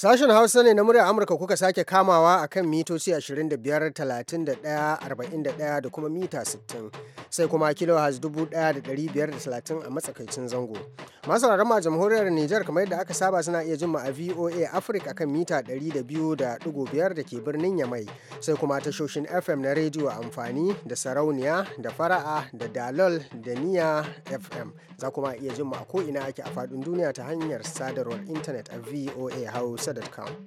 Sashen Hausa ne na murya Amurka kuka sake kamawa a kan mitoci 25, 31, da kuma mita 60, sai kuma kilo has 1,530 a matsakaicin zango. Masu rarrama jamhuriyar Nijar kamar yadda aka saba suna iya jin a VOA Africa kan mita 200.5 da ke birnin Yamai, sai kuma tashoshin FM na rediyo amfani da sarauniya da fara'a da dalol da niya FM. Za kuma iya jin mu a ko'ina ake a faɗin duniya ta hanyar sadarwar intanet a VOA Hausa. Vulture.com.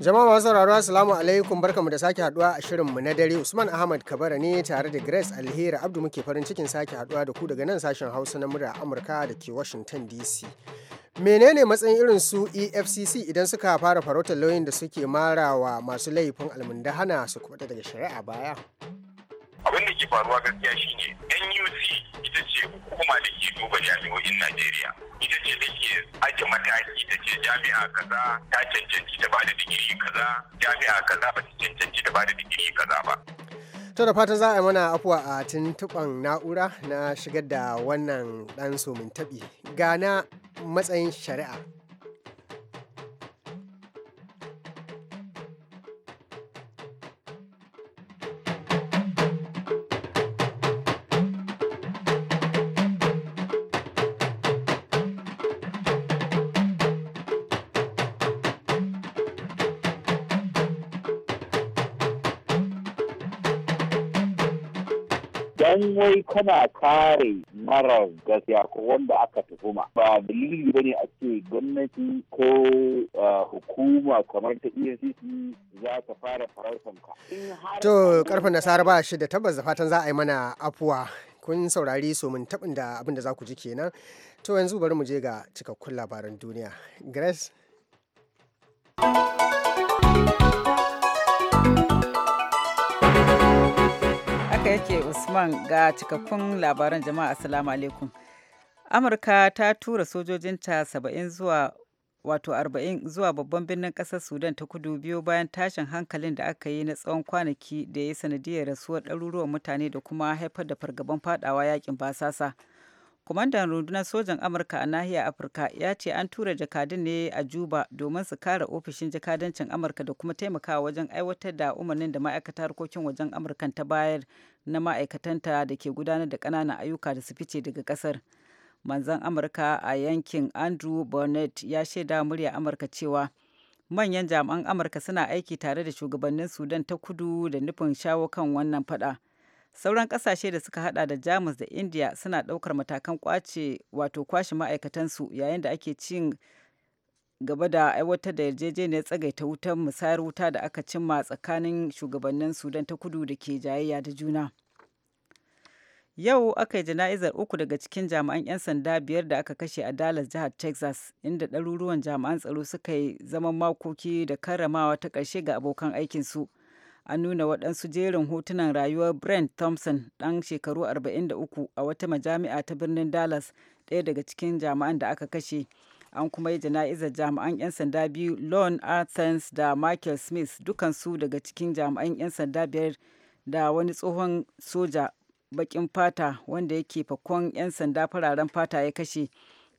Jama'a masu sauraro Assalamu alaikum barkamu da sake haduwa a shirinmu na dare Usman Ahmad Kabara ne tare da Grace Alheri Abdu muke farin cikin sake haduwa da ku daga nan sashen Hausa na murya Amurka da ke Washington DC. menene matsayin irin su efcc idan suka fara farautar lauyin da suke marawa masu laifin almundahana su kuɓuta daga shari'a baya abin da ke faruwa gaskiya shine nuc ita ce hukuma da ke duba jami'o'in najeriya ita ce da ke ake mataki ta ce jami'a kaza ta cancanci ta bada digiri kaza jami'a kaza ba ta cancanci ta bada digiri kaza ba to da fata za a mana afuwa a tuntuɓan na'ura na shigar da wannan ɗan somin taɓi gana matsayin shari'a dai kana kare mara gaskiya ko wanda aka tuhuma ba dalili ba ne a ce gwamnati ko uh, hukuma kamar ta efcc za ta fara farautan ka. to karfin nasara ba shi da tabbas da fatan za a yi mana afuwa kun saurari so mun tabin da abin da za ku ji kenan to yanzu bari mu je ga cikakkun labaran duniya grace yake Usman ga cikakkun labaran jama'a Assalamu alaikum. Amurka ta tura sojojinta 70 zuwa wato 40 zuwa babban birnin ƙasar Sudan ta kudu biyu bayan tashin hankalin da aka yi na tsawon kwanaki da ya sanadiyar rasuwar ɗaruruwan mutane da kuma haifar da fargaban fadawa yakin basasa. kwamandan rundunar sojan amurka a nahiyar afirka ya ce an tura jakadun ne a juba domin su kare ofishin jakadancin amurka da kuma taimakawa wajen aiwatar da umarnin da ma'aikatar harkokin wajen amurka ta bayar na ma'aikatanta da ke gudanar da ƙananan ayyuka da su fice daga ƙasar manzan amurka a yankin andrew barnett ya shaida murya amurka cewa manyan jami'an amurka suna aiki tare da shugabannin sudan ta kudu da nufin shawo kan wannan fada sauran kasashe da suka hada da jamus da india suna daukar matakan kwace wato kwashe ma'aikatansu yayin da ake cin gaba da aiwatar da yarjejeniyar tsagaita wutar misayar wuta da aka cimma tsakanin shugabannin sudan ta kudu da ke jayayya da juna yau aka yi jana'izar uku daga cikin jami'an 'yan sanda biyar da aka kashe a dallas jihar texas inda ɗaruruwan jami'an tsaro suka yi zaman makoki da karramawa ta ƙarshe ga abokan aikinsu an nuna waɗansu jerin hotunan rayuwar brent thompson ɗan shekaru 43 a wata majami'a ta birnin dallas ɗaya daga cikin jami'an da aka kashe an kuma yi jana'izar jami'an 'yan sanda biyu lon athens da michael smith dukansu daga cikin jami'an 'yan sanda biyar da wani tsohon soja baƙin fata wanda yake fakon 'yan sanda fararen fata ya kashe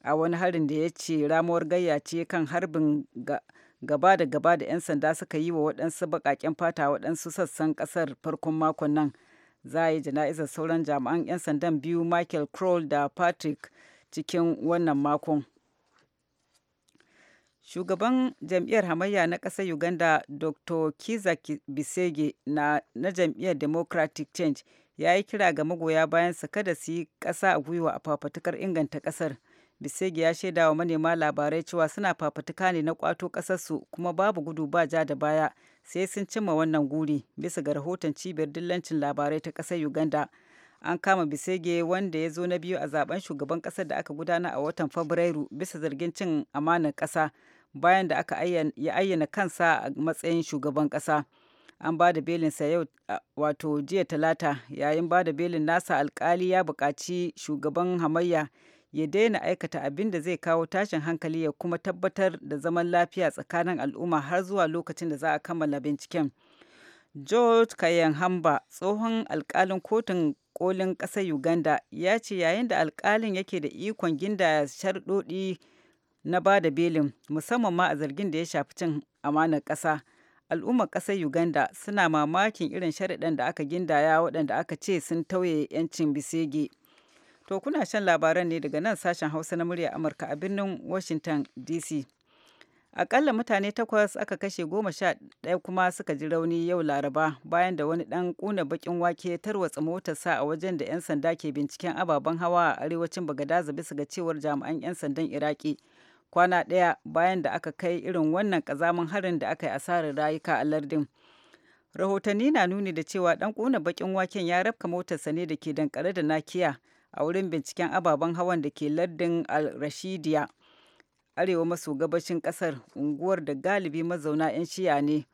a wani harin da ya ce ramuwar gayya ce kan harbin ga gaba da gaba da 'yan sanda suka yi wa waɗansu baƙaƙen fata waɗansu sassan ƙasar farkon makon nan za a yi jana'izar sauran jami'an 'yan sandan biyu michael kroll da patrick cikin wannan makon shugaban jam'iyyar hamayya na ƙasar uganda dr kiza bisege na, na jam'iyyar democratic change ya yi kira ga magoya bayan su kada su yi ƙasa a gwiwa a fafatukar inganta ƙasar bisege ya shaida wa manema labarai cewa suna fafutuka ne na kwato ƙasarsu kuma babu gudu ba ja da baya sai sun cimma wannan guri bisa ga rahoton cibiyar dillancin labarai ta ƙasar Uganda. An kama Bisege wanda ya zo na biyu a zaben shugaban ƙasar da aka gudana a watan Fabrairu bisa zargin cin amanar ƙasa bayan da aka ya ayyana kansa a matsayin shugaban ƙasa. An ba da belinsa yau wato jiya talata yayin ba da belin nasa alkali ya buƙaci shugaban hamayya ya daina aikata abin da zai kawo tashin hankali ya kuma tabbatar da zaman lafiya tsakanin al'umma har zuwa lokacin da za a kammala binciken. George Kayan Hamba, tsohon alkalin kotun kolin ƙasar Uganda, ya ce yayin da alkalin yake da ikon ginda sharɗoɗi na ba da belin, musamman ma a zargin da ya shafi cin amanar ƙasa. Al'ummar ƙasar Uganda suna mamakin irin sharaɗin da aka gindaya waɗanda aka ce sun tauye 'yancin bisege. To kuna shan labaran ne daga nan sashen Hausa na murya Amurka a birnin Washington DC. Akalla mutane takwas aka kashe goma sha ɗaya kuma suka ji rauni yau Laraba bayan da wani ɗan ƙuna baƙin wake ya tarwatsa motarsa a wajen da 'yan sanda ke binciken ababen hawa a arewacin Bagadaza bisa ga cewar jami'an 'yan sandan Iraki. Kwana ɗaya bayan da aka kai irin wannan ƙazamin harin da aka yi asarar rayuka a lardin. Rahotanni na nuni da cewa ɗan ƙuna baƙin waken ya rafka motarsa ne da ke dankare da Nakiya. a wurin binciken ababen hawan da ke lardin al-rashidiya arewa maso gabashin kasar unguwar da galibi mazauna 'yan shiya ne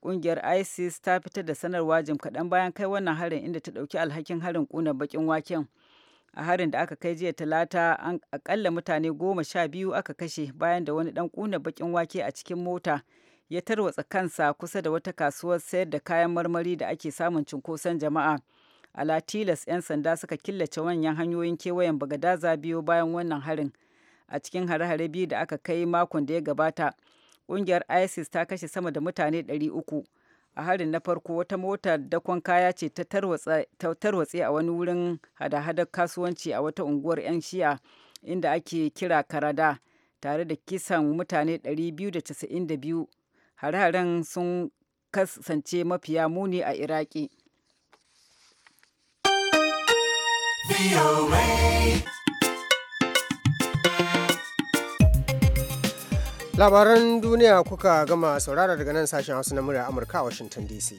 kungiyar isis ta fitar da sanarwa jim kaɗan bayan kai wannan harin inda ta ɗauki alhakin harin ƙunar bakin waken a harin da aka kai jiya talata an akalla mutane goma sha biyu aka kashe bayan da wani ɗan ƙuna bakin wake a cikin mota ya tarwatsa kansa kusa da wata kasuwar sayar da kayan marmari da ake samun cunkoson jama'a ala tilas 'yan sanda suka killace manyan hanyoyin kewayen bagadaza biyu bayan wannan harin a cikin hare-hare biyu da aka kai makon da ya gabata ƙungiyar isis ta kashe sama da mutane 300 a harin na farko wata mota dakon kaya ce ta tarwatse a wani wurin hada-hadar kasuwanci a wata unguwar 'yan shi'a inda ake kira karada tare da kisan mutane 292 hare-haren sun kasance mafiya muni a iraki Labaran duniya kuka gama saurara daga nan sashen Hausa na murya Amurka a Washington DC.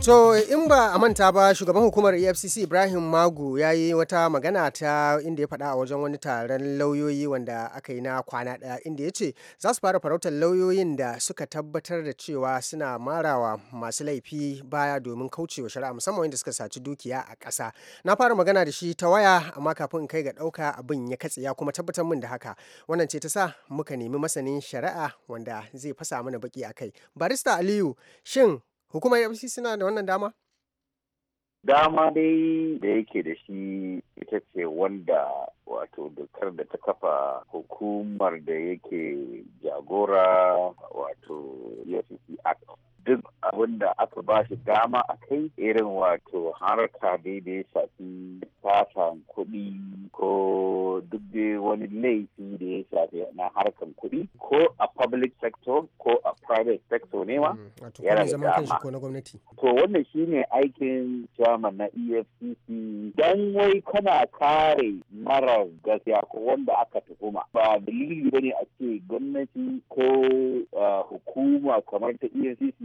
To in ba a manta ba shugaban hukumar EFCC Ibrahim Magu ya yi wata magana ta inda ya faɗa a wajen wani taron lauyoyi wanda aka yi na kwana ɗaya inda ya ce za su fara farautar lauyoyin da suka tabbatar da cewa suna marawa masu laifi baya domin kaucewa shari'a musamman wanda suka saci dukiya a ƙasa. Na fara magana da shi ta waya amma kafin kai ga ɗauka abin ya katse ya kuma tabbatar min da haka. Wannan ce ta sa muka nemi masanin shari'a wanda zai fasa mana baki a kai. Barista Aliyu shin hukumar efcc suna da wannan dama dama dai da yake da shi ita ce wanda wato dokar da ta kafa hukumar da yake jagora wato efcc act duk abin da aka ba shi dama a kai irin wato harka dai da ya shafi kuɗi ko duk dai wani laifi da ya shafi na harkan kuɗi ko a public sector ko a private sector ne ma mm, yana da dama to wannan shine aikin chairman na efcc dan wai kana kare mara bangaren gaskiya ko wanda aka tuhuma ba dalili ba ne a ce gwamnati ko hukuma kamar ta efcc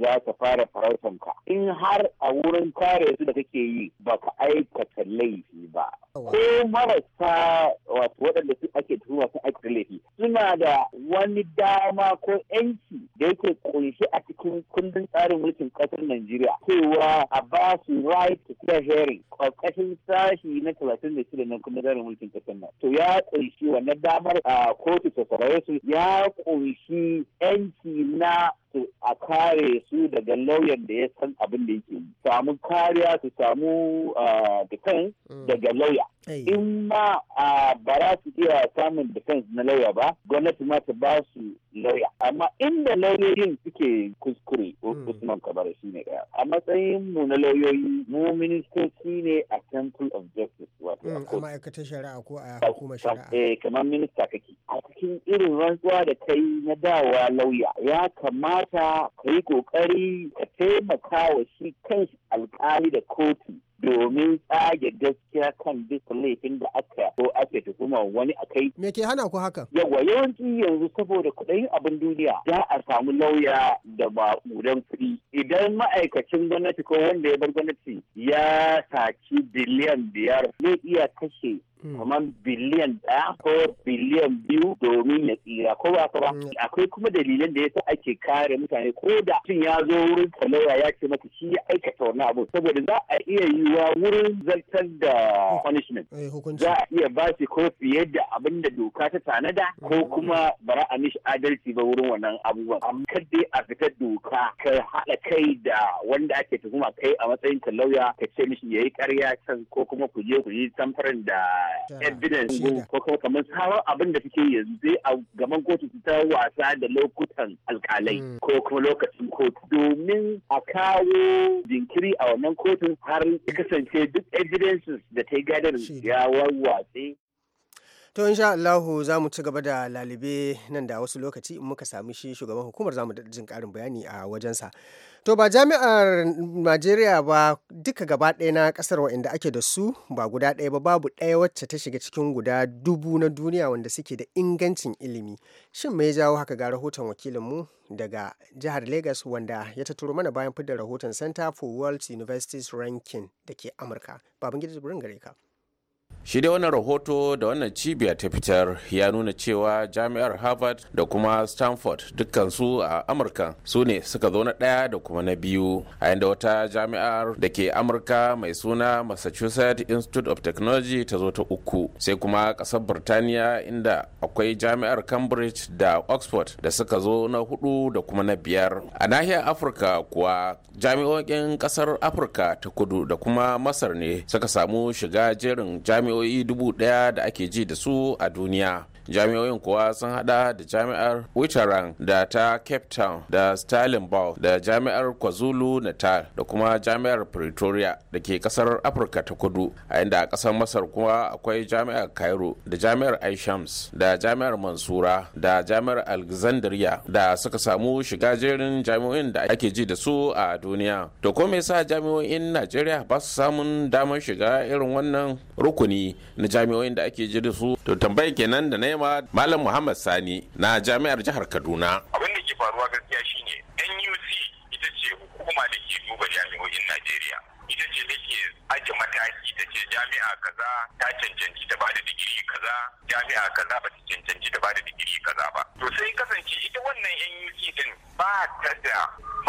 za ta fara farautanka in har a wurin kare su da kake yi ba ka aikata laifi ba ko marasa wato waɗanda su ake tuhuma su ake laifi suna da wani dama ko yanci da yake kunshi a cikin kundin tsarin mulkin ƙasar Najeriya cewa a ba su right to fair hearing ƙarƙashin sashi na talatin da shida na kundin tsarin mulkin ƙasar nan to ya kunshi wannan damar a kotu ta su ya kunshi yanci na su a kare su daga lauyan da ya san abin da yake samu kariya su samu ah, defense mm. daga lauya in ma a ba za su iya samun defense na lauya ba gwamnati ma ta ba su lauya amma inda lauyoyin suke kuskure hmm. usman kabari shi ne daya a matsayin mu na lauyoyi mu ministoci ne a temple of justice wato a hmm, ma'aikatar shari'a ko a hukumar shari'a eh kamar minista kake a cikin irin rantsuwa da kai na dawa lauya ya kamata ka yi kokari ka taimaka wa shi kan alkali da kotu domin tsage gaskiya kan bisa laifin da aka ko ake tuhuma wani a kai. Me ke hana ku haka? Yawa yawanci yanzu saboda kuɗin abin duniya za a samu lauya da maƙudan kuɗi. Idan ma'aikacin gwamnati ko wanda ya bar gwamnati ya saci biliyan biyar zai iya kashe Mm. kamar biliyan ɗaya ko biliyan biyu domin ya tsira ko ba ba mm. akwai kuma dalilan da yasa ake kare mutane ko da mutum ya zo wurin talauya ya ce maka shi ya aikata wani abu saboda za a iya yi wa wurin zartar da mm. punishment eh, za a iya ba shi ko fiye da abin da doka ta tanada ko kuma bara a mishi adalci ba wurin wannan abubuwan amma dai a fita doka ka haɗa kai da wanda ake tuhuma kai a matsayin talauya ka ce mishi yayi karya can ko kuma ku je ku yi da evidence ko kuma kamar sabon abin da suke yanzu sai a gaban kotu su ta wasa da lokutan alkalai hmm. ko kuma lokacin kotu domin a kawo jinkiri a wannan kotun har kasance duk evidences da ta yi gadar ya warwatse to insha Allahu za mu ci gaba da lalibe nan da wasu lokaci in muka sami shi shugaban hukumar zamu mu jin karin bayani a wajensa to ba jami'ar Najeriya ba duka gaba ɗaya na ƙasar wanda ake da su ba guda ɗaya ba babu ɗaya wacce ta shiga cikin guda dubu na duniya wanda suke da ingancin ilimi shin me ya jawo haka ga rahoton wakilinmu daga jihar Legas wanda ya tattaro mana bayan fidda rahoton Center for World Universities Ranking da ke Amurka babangida jibrin gare ka shi dai wannan rahoto da wannan cibiya ta fitar ya nuna cewa jami'ar harvard da kuma stanford dukkansu a amurka su ne suka zo na ɗaya da kuma na biyu a yadda wata jami'ar da ke amurka mai suna massachusetts institute of technology ta zo ta uku sai kuma kasar birtaniya inda akwai jami'ar cambridge da oxford da suka zo na hudu da kuma na biyar a nahiyar afirka kuwa jami'o'in kasar afirka ta kudu da kuma masar ne suka samu shiga jerin jami'ar jami'o'i dubu daya da ake ji da su a duniya jami'oyin kuwa sun hada da jami'ar wicharan da ta cape town da stalinbaugh da jami'ar kwazulu natal da kuma jami'ar pretoria da ke kasar afirka ta kudu a inda a kasar masar kuma akwai jami'ar cairo da jami'ar aishams da jami'ar mansura da jami'ar alexandria da suka samu shiga jerin jami'o'in da ake ji da su a duniya to ko me yasa jami'o'in najeriya ba su samun damar shiga irin wannan rukuni na jami'o'in da ake ji da su to tambayi kenan da na Na'ima Malam Muhammad Sani na Jami'ar Jihar Kaduna. Abin da ke faruwa gaskiya shine NUC ita ce hukuma da ke duba jami'o'in Najeriya. Ita ce da ke aje mataki ta ce jami'a kaza ta cancanci ta da digiri kaza, jami'a kaza ba ta cancanci ta da digiri kaza ba. to sai kasance ita wannan NUC din ba ta da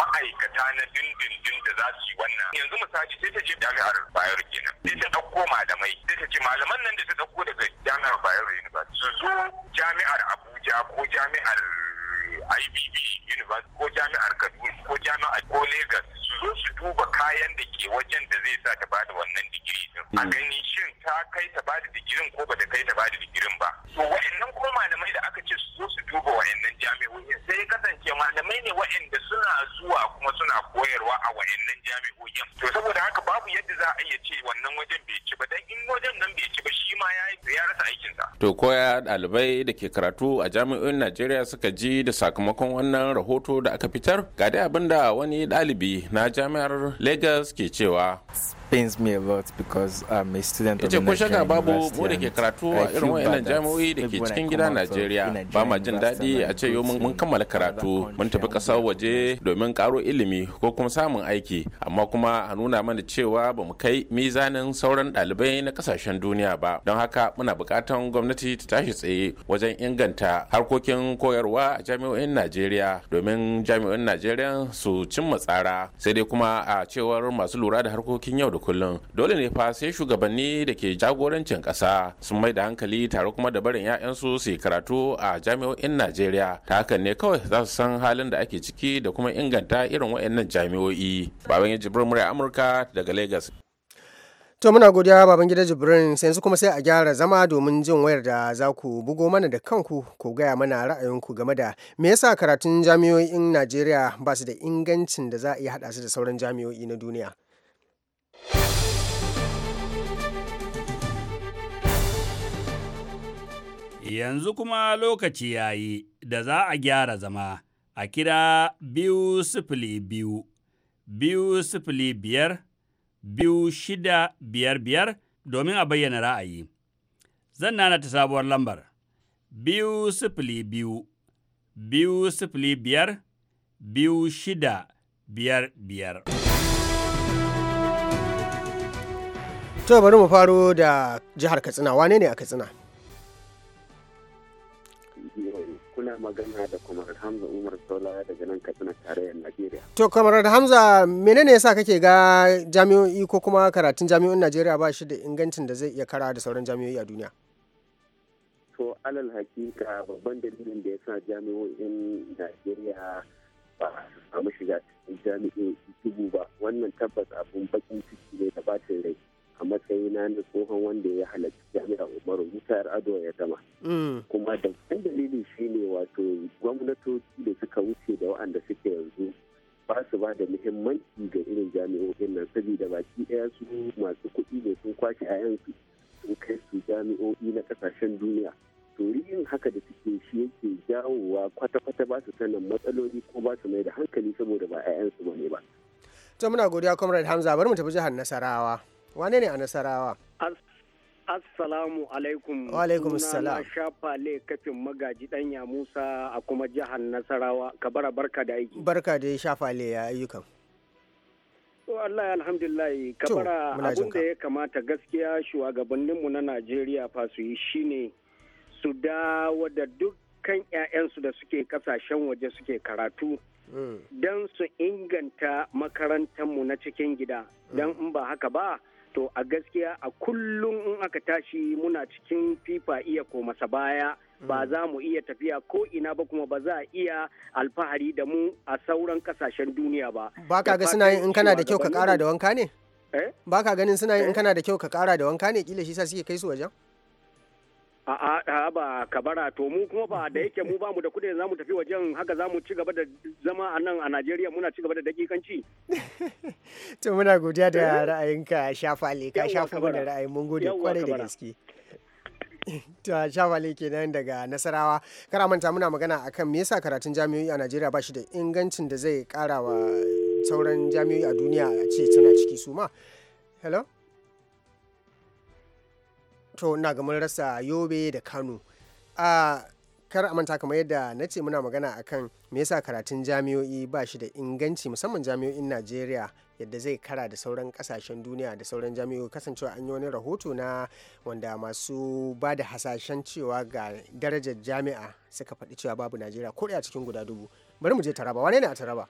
ma'aikata na dindindin da za su yi wannan yanzu misali sai ta je jami'ar bayar kenan sai ta ɗauko malamai sai ta ce malaman nan da ta ɗauko daga jami'ar Bayero ba su zo jami'ar Abuja ko jami'ar ibb university ko jami'ar kaduna ko jami'ar ko lagos su zo su duba kayan da ke wajen da zai sa ta ba da wannan digiri a hmm. gani shin ta kai ta ba da digirin ko ba ta kai ta ba da digirin ba to wa'annan kuma malamai da aka ce su zo su duba wa'annan jami'o'in sai kasance malamai ne wa'anda suna zuwa kuma suna koyarwa a wa'annan jami'o'in to saboda haka babu yadda za a iya ce wannan wajen bai ci ba dan in wajen nan bai ci ba shi ma ya rasa aikinsa to koya ɗalibai da ke karatu a jami'o'in Najeriya suka ji da sakamakon wannan rahoto da aka fitar ga dai abin wani dalibi na jami'ar lagos ke cewa pains me a lot because I'm a student of ko shaka babu mu da ke karatu a irin wayannan jami'o'i da ke cikin gida Najeriya ba ma jin daɗi a ce yau mun kammala karatu mun tafi ƙasar waje domin ƙaro ilimi ko kuma samun aiki amma kuma a nuna mana cewa ba mu kai mizanin sauran ɗalibai na ƙasashen duniya ba don haka muna buƙatan gwamnati ta tashi tsaye wajen inganta harkokin koyarwa a jami'o'in Najeriya domin jami'o'in Najeriya su cimma tsara sai dai kuma a cewar masu lura da harkokin yau da kullum dole ne fa sai shugabanni da ke jagorancin kasa sun mai da hankali tare kuma da barin 'ya'yansu su yi karatu a jami'o'in najeriya ta hakan ne kawai za su san halin da ake ciki da kuma inganta irin wayannan jami'o'i baban ya jibrin murya amurka daga lagos To muna godiya baban gida Jibrin sai yanzu kuma sai a gyara zama domin jin wayar da za ku bugo mana da kanku ku gaya mana ra'ayinku game da me yasa karatun jami'o'in Najeriya ba su da ingancin da za a iya haɗa su da sauran jami'o'i na duniya. Yanzu kuma lokaci ya yi da za a gyara zama a kira biyu sifili biyu, biyu sifili biyar, biyu shida biyar biyar domin a bayyana ra'ayi. Zan nana ta sabuwar lambar biyu sifili biyu, biyu sifili biyar, biyu shida biyar biyar. To bari mu faro da jihar Katsina, wane ne a Katsina? kuna magana da kamar Hamza Umar Sola daga nan Katsina tarayyar Najeriya. To kamar Hamza menene yasa kake ga jami'o'i ko kuma karatun jami'o'in Najeriya ba shi da ingancin da zai iya kara da sauran jami'o'i a duniya? To alal hakika babban dalilin da ya sa jami'o'in Najeriya ba su samu shiga cikin jami'o'i dubu ba wannan tabbas abun bakin ciki ne da bacin rai. a matsayi na tsohon wanda ya halarci jami'ar umaru musa yar ado ya gama mm. kuma da kan dalili shine wato gwamnatoci da suka wuce da waɗanda suke yanzu ba su ba da muhimmanci ga irin jami'o'in nan saboda baki ɗaya su masu kuɗi ne sun kwashe a yansu sun kai su jami'o'i na ƙasashen duniya to yin haka da suke shi yake jawowa kwata-kwata ba su sanin matsaloli ko ba su mai da hankali saboda ba 'ya'yansu ba ne ba. to muna godiya comrade hamza bari mu tafi jihar nasarawa. wane ne a nasarawa assalamu alaikum wa alaikum salam shafa le kafin magaji danya musa a kuma jihar nasarawa ka bara barka da aiki barka da shafa le ya ayyukan to Allah alhamdulillah ka bara abin da ya kamata gaskiya shugabanninmu na Najeriya fa su yi shine su dawo da dukkan 'ya'yansu da suke kasashen waje suke karatu mm. don su inganta makarantarmu na cikin gida mm. don in ba haka ba to a gaskiya a kullum in aka tashi muna cikin fifa iya komasa baya ba hmm. za mu iya tafiya ko ina ba kuma ba za a iya alfahari da mu a sauran kasashen duniya ba ba ka ga suna yin in kana da kyau ka kara da wanka ne eh? ba ka ganin suna yin in eh? kana da kyau ka kara da wanka ne kila shi sa suke kai su wajen A'a ba kabara to mu kuma ba da yake mu bamu da kuɗi za mu tafi wajen haka za mu ci gaba da zama a nan a Najeriya muna ci gaba da dakikanci. To muna godiya da eh? ra'ayinka shafale ka shafa mana ra'ayin mun gode kwarai da gaske. ta shawale kenan daga nasarawa kara manta muna magana akan me yasa karatun jami'o'i a najeriya ba shi da ingancin da zai kara wa sauran jami'o'i a duniya a ce tana ciki su ma hello to ina ga mun rasa yobe da kano a kar a manta kamar yadda na ce muna magana akan me yasa karatun jami'o'i ba shi da inganci musamman jami'o'in najeriya yadda zai kara da sauran kasashen duniya da sauran jami'o'i kasancewa an yi wani rahoto na wanda masu ba da hasashen cewa ga darajar jami'a suka faɗi cewa babu najeriya ko a cikin guda dubu bari mu je taraba wane ne a taraba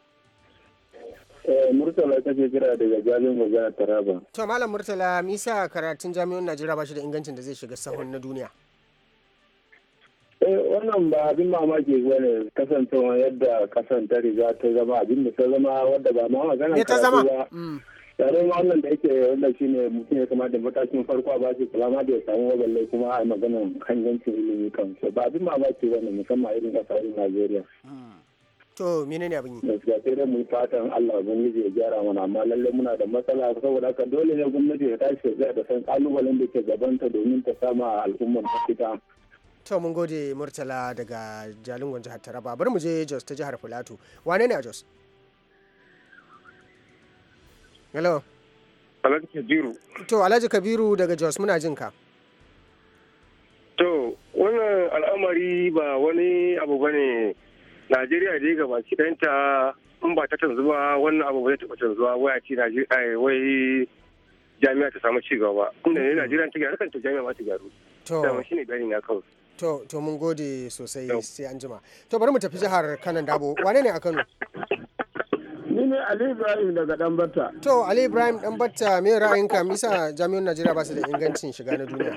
Eh, Murtala ce kira daga jami'in a Taraba. To Malam Murtala misa karatun jami'in Najeriya ba shi da ingancin da zai shiga sahun na duniya. Eh, wannan ba abin mamaki ba ne kasancewa yadda kasan ta riga ta zama abin da ta zama wadda ba ma magana ta zama ba mm. tare wannan da yake wanda shi ne mutum ya kamata matakin farko a bashi kulama da ya samu waballe kuma a maganan hangancin ilimi kan ba abin mamaki ba ne musamman irin kasa irin najeriya mm. To menene abin yi? Gaskiya sai dai mun fatan Allah ubangiji ya gyara mana amma lalle muna da matsala saboda haka dole ne gwamnati ya tashi ya da san kalubalen da ke gabanta domin ta sama al'ummar ta To mun gode Murtala daga Jalingon jihar Taraba bari mu je Jos ta jihar Filato. Wane ne a Jos? Hello. Alhaji Kabiru. To Alhaji Kabiru daga Jos muna jin ka. To wannan al'amari ba wani abu bane najeriya dai ga baki ɗanta in ba ta canzu ba wannan abu ba zai taɓa canzuwa waya ce wai jami'a ta samu ci gaba kuma ne mm-hmm. najeriya ta gyaru kanta jami'a ma ta gyaru to shi ne bayani na kawai to to mun gode sosai sai an jima to bari mu tafi jihar kanan dabo wane ne a kano ni ne ali ibrahim daga danbata to ali ibrahim danbata me ra'ayinka misa jami'an najeriya ba su da ingancin shiga na duniya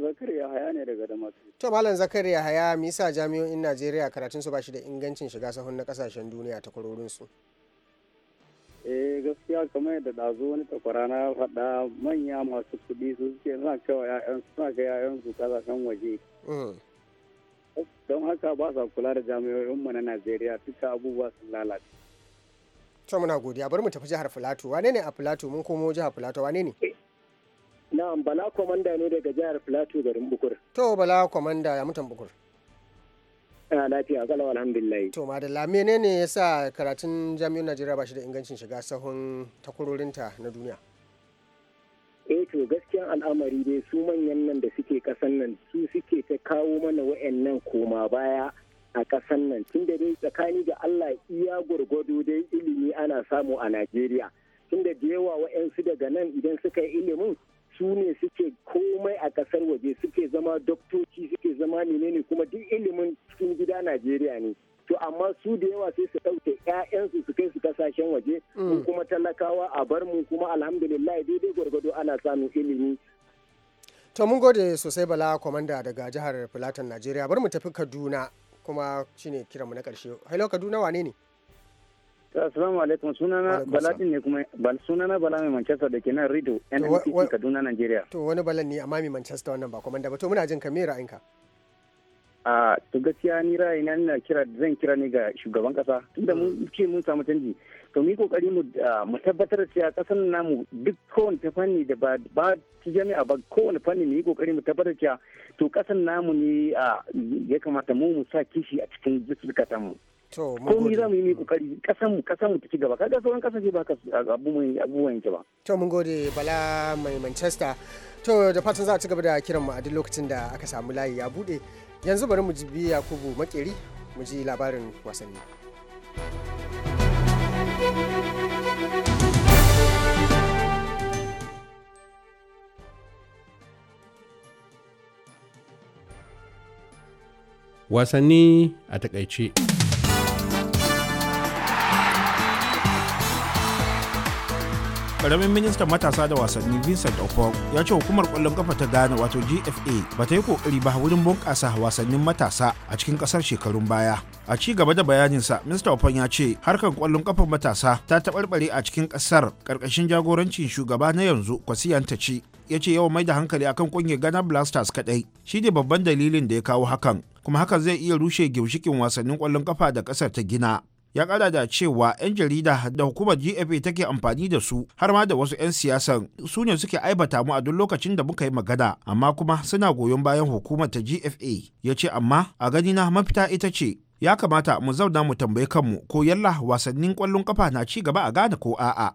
zakariya haya ne daga damaturu to malam zakariya haya misa jami'o'in najeriya karatun su bashi da ingancin shiga sahun na kasashen duniya ta kwarorin su eh gaskiya kamar yadda dazu wani takwara na faɗa manya masu kuɗi su suke na kawo ƴaƴan suna ga yayan su kasashen waje mm. don haka ba sa kula da jami'o'in mu na najeriya duka abubuwa sun lalace to muna godiya bari mu tafi jihar filato wane ne a filato mun komo jihar filato wane ne Na'am Bala Komanda ne daga jihar Filato garin Bukur. To Bala Komanda ya mutan Bukur. Ina lafiya alhamdulillah. To madalla menene yasa karatun jami'un Najeriya ba shi da ingancin shiga sahun takwarorinta na duniya? eh to gaskiyan al'amari dai su manyan nan da suke kasan nan su suke ta kawo mana wa'annan koma baya a kasan nan tun da dai tsakani ga Allah iya gwargwado dai ilimi ana samu a Najeriya tun da yawa wa'ansu daga nan idan suka yi ilimin su ne suke komai a kasar waje suke zama doktoci suke zama menene kuma duk ilimin cikin gida najeriya ne to amma su da yawa sai su ɗauke 'ya'yansu su kai su kasashen waje ko mm. kuma talakawa a bar mu kuma alhamdulillah daidai gwargwado ana samun ilimi to mun gode sosai bala kwamanda daga jihar filatan najeriya bari mu tafi kaduna kuma shine kiranmu na karshe hello kaduna wane ne Assalamu alaikum sunana Balatin ne kuma bal sunana Bala mai Manchester da ke nan Rido NNPC Kaduna Nigeria. To wani Balan ne amma mai Manchester wannan ba komanda ba to muna jin ka me ra'ayinka? A to gaskiya ni ra'ayina ina kira zan kira ne ga shugaban kasa tunda mun hmm. ce mun samu canji to mu kokari mu mu tabbatar cewa kasar namu duk kowane fanni da ba ba jami'a ba kowane fanni mu yi kokari mu tabbatar cewa to kasar namu ne ya kamata mu mu sa kishi a cikin zukatan mu. komi za mu yi kokari kasan mu kasan mu ta ci gaba kaga sauran kasashe ba ka abubuwan yake ba to mun gode bala mai manchester to da fatan za a ci gaba da kiran mu a duk lokacin da aka samu layi ya bude yanzu bari mu ji bi yakubu makeri mu ji labarin wasanni wasanni a takaice karamin ministan matasa da wasanni vincent opok ya ce hukumar kwallon kafa ta ghana wato gfa ba ta yi kokari ba wurin bunƙasa wasannin matasa a cikin ƙasar shekarun baya a ci gaba da bayaninsa mr opon ya ce harkar kwallon kafa matasa ta taɓarɓare a cikin ƙasar ƙarƙashin jagorancin shugaba na yanzu kwasiyanta ci ya ce yawan mai da hankali akan ƙungiyar ghana blasters kaɗai shi ne babban dalilin da ya kawo hakan kuma hakan zai iya rushe ginshikin wasannin kwallon kafa da ƙasar ta gina ya kara da cewa 'yan jarida da hukumar gfa take amfani da su har ma da wasu 'yan siyasan su ne suke aibata mu a duk lokacin da muka yi magana amma kuma suna goyon bayan hukumar ta gfa ya ce amma a gani na mafita ita ce ya kamata mu zauna mu tambayi kanmu ko yalla wasannin kwallon kafa na ci gaba a gane ko a'a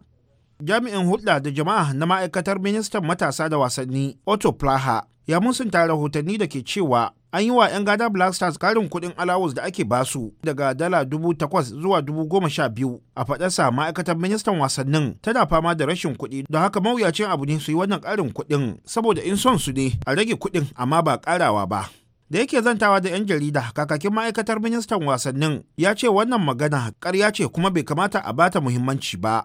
jami'in hulɗa da jama'a na ma'aikatar ministan matasa da wasanni otto plaha ya musunta rahotanni da ke cewa an yi wa 'yan gada black stars karin kudin alawus da ake basu daga dala dubu takwas zuwa dubu goma sha biyu a faɗarsa ma'aikatar ministan wasannin tana fama da rashin kuɗi don haka mawuyacin abu ne su yi wannan karin kuɗin saboda in son su ne a rage kuɗin amma ba ƙarawa ba da yake zantawa da 'yan jarida kakakin ma'aikatar ministan wasannin ya ce wannan magana karya ce kuma bai kamata a bata muhimmanci ba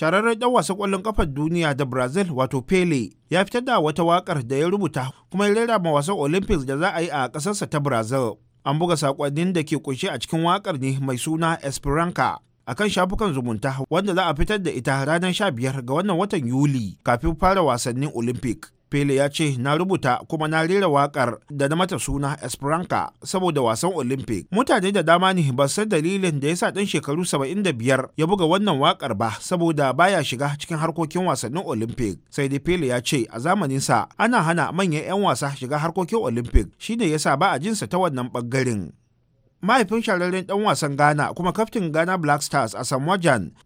shararren dan wasan kwallon kafar duniya da brazil wato pele ya fitar da wata wakar da ya rubuta kuma ya rera ma wasan olympics da za a yi a ƙasarsa ta brazil an buga sakonnin da ke kunshe a cikin wakar ne mai suna esperanca akan shafukan zumunta wanda za a fitar da ita ranar 15 ga wannan watan yuli kafin fara wasannin olympics Pele ya ce na rubuta kuma na rera wakar da na mata suna Esperanca saboda wasan Olympic. Mutane da dama ne ba san dalilin da ya sa dan shekaru 75 ya buga wannan wakar ba saboda baya shiga cikin harkokin wasannin Olympic. Sai dai Pele ya ce a zamaninsa ana hana manyan 'yan wasa shiga harkokin Olympic ya sa ba a jinsa ta wannan ɓangaren. mahaifin shararren ɗan wasan Ghana kuma kaftin Ghana Black Stars a Samoa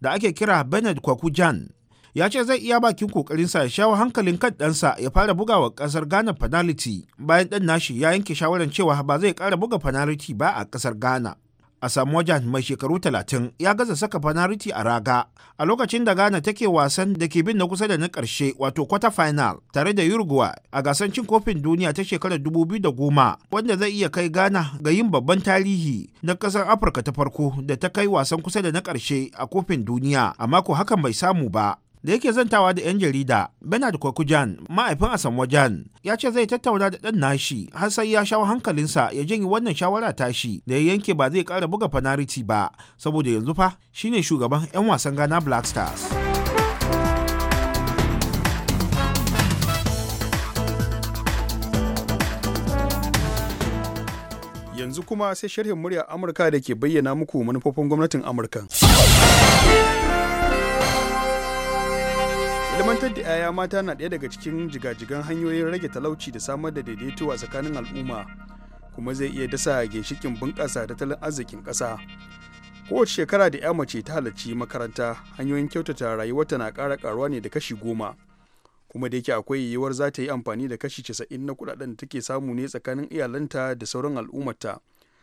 da ake kira Bernard Kwaku Jan ya ce zai iya bakin kokarin sa ya shawo hankalin kan ɗansa ya fara bugawa ƙasar ghana penalty bayan ɗan nashi ya yanke shawaran cewa ba zai ƙara buga penalty ba a ƙasar ghana a samu wajen mai shekaru 30 ya gaza saka penalty a raga a lokacin da ghana take wasan da ke bin na kusa da na ƙarshe wato quarter final tare da uruguay a gasar cin kofin duniya ta shekarar 2010 wanda zai iya kai ghana ga yin babban tarihi na ƙasar afirka ta farko da ta kai wasan kusa da na ƙarshe a kofin duniya amma ko hakan bai samu ba da yake zantawa da 'yan jarida bernard kwakujan ma'aifin wajen ya ce zai tattauna da dan nashi har sai ya shawo hankalinsa ya janye wannan shawara tashi da ya yanke ba zai kara buga fanariti ba saboda yanzu fa shine shugaban 'yan wasan ghana black stars yanzu kuma sai sharhin murya amurka da ke bayyana muku manufofin gwamnatin amurka ilmantar da 'ya'ya mata na ɗaya daga cikin jigajigan hanyoyin rage talauci da samar da daidaito a tsakanin al'umma kuma zai iya dasa ginshikin bunƙasa da tattalin arzikin ƙasa kowace shekara da 'ya mace ta halarci makaranta hanyoyin kyautata rayuwarta na ƙara ƙaruwa ne da kashi goma kuma da yake akwai yiwuwar za ta yi amfani da kashi casa'in na kuɗaɗen da take samu ne tsakanin iyalanta da sauran al'ummarta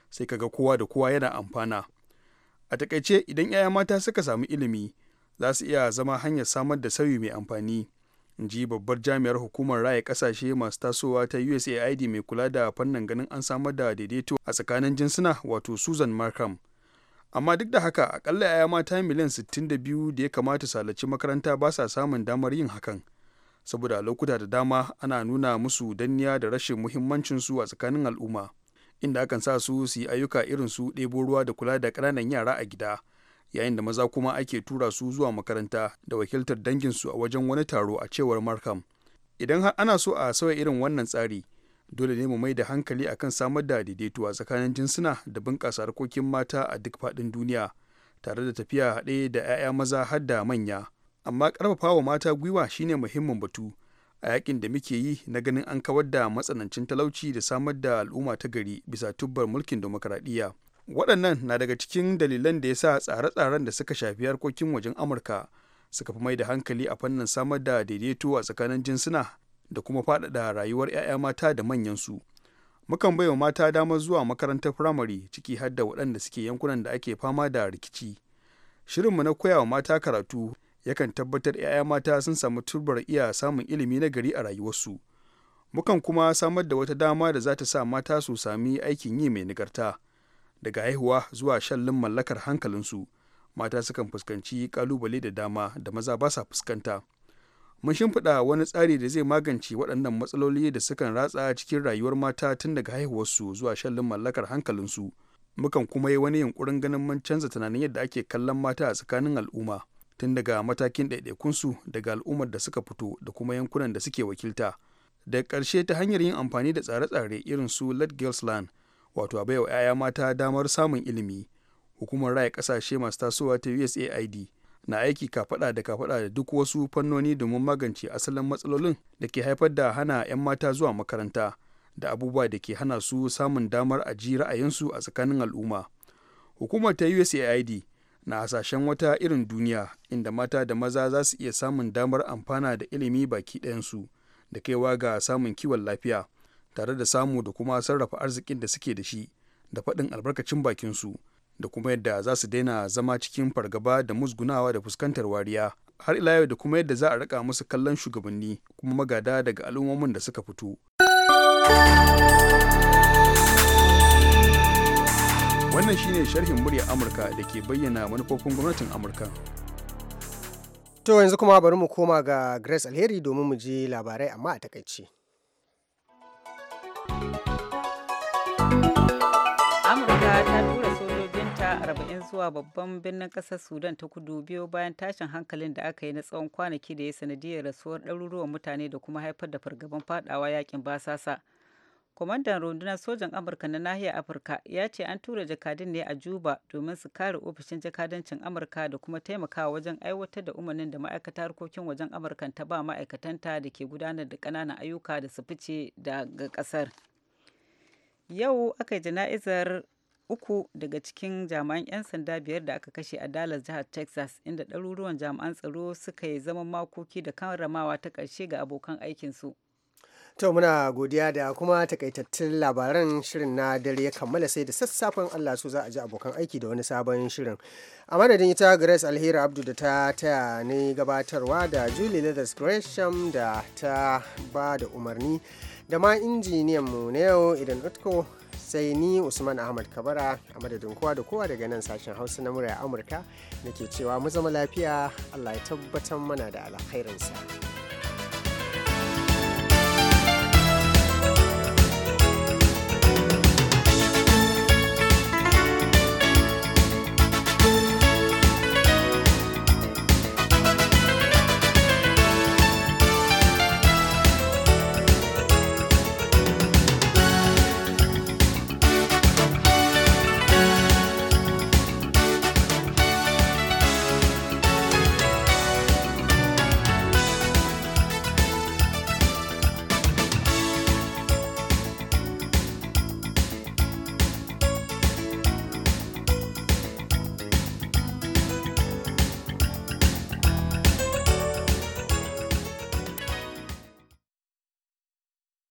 sai kaga kowa da kowa yana amfana a takaice idan 'ya'ya mata suka samu ilimi za su iya zama hanyar samar da sauyi mai amfani in ji babbar jami'ar hukumar raya kasashe masu tasowa ta usaid mai kula da fannin ganin an samar da daidaito a tsakanin jinsuna wato susan markham amma duk da haka akalla 'ya'ya mata miliyan 62 da ya kamata salaci makaranta ba sa samun damar yin hakan saboda lokuta da dama ana nuna musu danniya da rashin muhimmancinsu a tsakanin al'umma inda akan sa su su yi ayyuka irin su ɗebo ruwa da kula da ƙananan yara a gida yayin da maza kuma ake tura su zuwa makaranta da wakiltar danginsu a wajen wani taro a cewar markham idan har ana so a sauya irin wannan tsari dole ne mu mai da hankali akan samar da daidaito a tsakanin jinsuna da bunƙasa harkokin mata a duk faɗin duniya tare da tafiya haɗe da 'ya'ya maza har da manya amma ƙarfafa wa mata gwiwa shine muhimmin batu a yakin da muke yi na ganin an kawar da matsanancin talauci da samar da al'umma ta gari bisa tubbar mulkin demokaradiyya waɗannan na daga cikin dalilan da ya sa tsare-tsaren da suka shafi harkokin wajen amurka suka fi mai da hankali a fannin samar da daidaito a tsakanin jinsuna da kuma faɗaɗa rayuwar 'ya'ya mata da manyansu mukan baiwa mata damar zuwa makarantar firamare ciki har da waɗanda suke yankunan da ake fama da rikici shirinmu na koyawa mata karatu yakan tabbatar 'ya'ya mata sun samu turbar iya samun ilimi na gari a rayuwarsu mukan kuma samar da wata dama da za ta sa mata su sami aikin yi mai nagarta daga haihuwa zuwa shallin mallakar hankalinsu mata sukan fuskanci kalubale da dama da maza ba sa fuskanta mun shimfiɗa wani tsari da zai magance waɗannan matsaloli da sukan ratsa cikin rayuwar mata tun daga haihuwarsu zuwa shallin mallakar hankalinsu mukan kuma yi wani yunkurin ganin mun canza tunanin yadda ake kallon mata a tsakanin al'umma tun daga matakin ɗaiɗaikunsu daga al'ummar da suka fito da kuma yankunan da suke wakilta da ƙarshe ta hanyar yin amfani da tsare-tsare irin su let girls land wato a baiwa 'ya'ya mata damar samun ilimi hukumar raya kasashe masu tasowa ta usaid na aiki kafada da kafada da duk wasu fannoni domin magance asalin matsalolin da ke haifar da hana 'yan mata zuwa makaranta da abubuwa da ke hana su samun damar a ji ra'ayinsu a tsakanin al'umma hukumar ta usaid na hasashen wata irin duniya inda mata da maza za su iya samun damar amfana da ilimi baki ɗayansu da kaiwa ga samun kiwon lafiya tare da samu da kuma sarrafa arzikin da suke da shi da faɗin albarkacin bakinsu da kuma yadda za su daina zama cikin fargaba da musgunawa da fuskantar wariya har ila yau da kuma yadda za a rika musu kallon shugabanni kuma magada daga al'ummomin da suka fito. Wannan shine sharhin murya Amurka da ke bayyana manufofin gwamnatin Amurka. To yanzu kuma bari mu koma ga Grace Alheri domin mu je labarai amma a takaice. zuwa babban birnin ƙasar Sudan ta kudu biyo bayan tashin hankalin da aka yi na tsawon kwanaki da ya sanadiyar rasuwar ɗaruruwan mutane da kuma haifar da fargaban fadawa yakin basasa. Kwamandan rundunar sojan Amurka na nahiyar Afirka ya ce an tura jakadun ne a Juba domin su kare ofishin jakadancin Amurka da kuma taimakawa wajen aiwatar da umarnin da ma'aikatar harkokin wajen Amurka ta ba ma'aikatanta da ke gudanar da ƙananan ayyuka da su fice daga ƙasar. yau aka yi jana'izar uku daga cikin jami'an 'yan sanda biyar da aka kashe a Dallas jihar Texas inda ɗaruruwan jami'an tsaro suka yi zaman makoki da karramawa ta ƙarshe ga abokan aikinsu. To muna godiya da kuma takaitattun labaran shirin na dare ya kammala sai da sassafen Allah su za a ji abokan aiki da wani sabon shirin. A madadin ita Grace Alheri Abdu da ta taya ne gabatarwa da Julie Leathers Gresham da ta ba da umarni da ma injiniyan mu na yau idan Utko sai ni usman ahmad kabara a madadin kowa da kowa daga nan sashen hausa na murya amurka nake cewa mu zama lafiya allah ya tabbatar mana da alkhairinsa.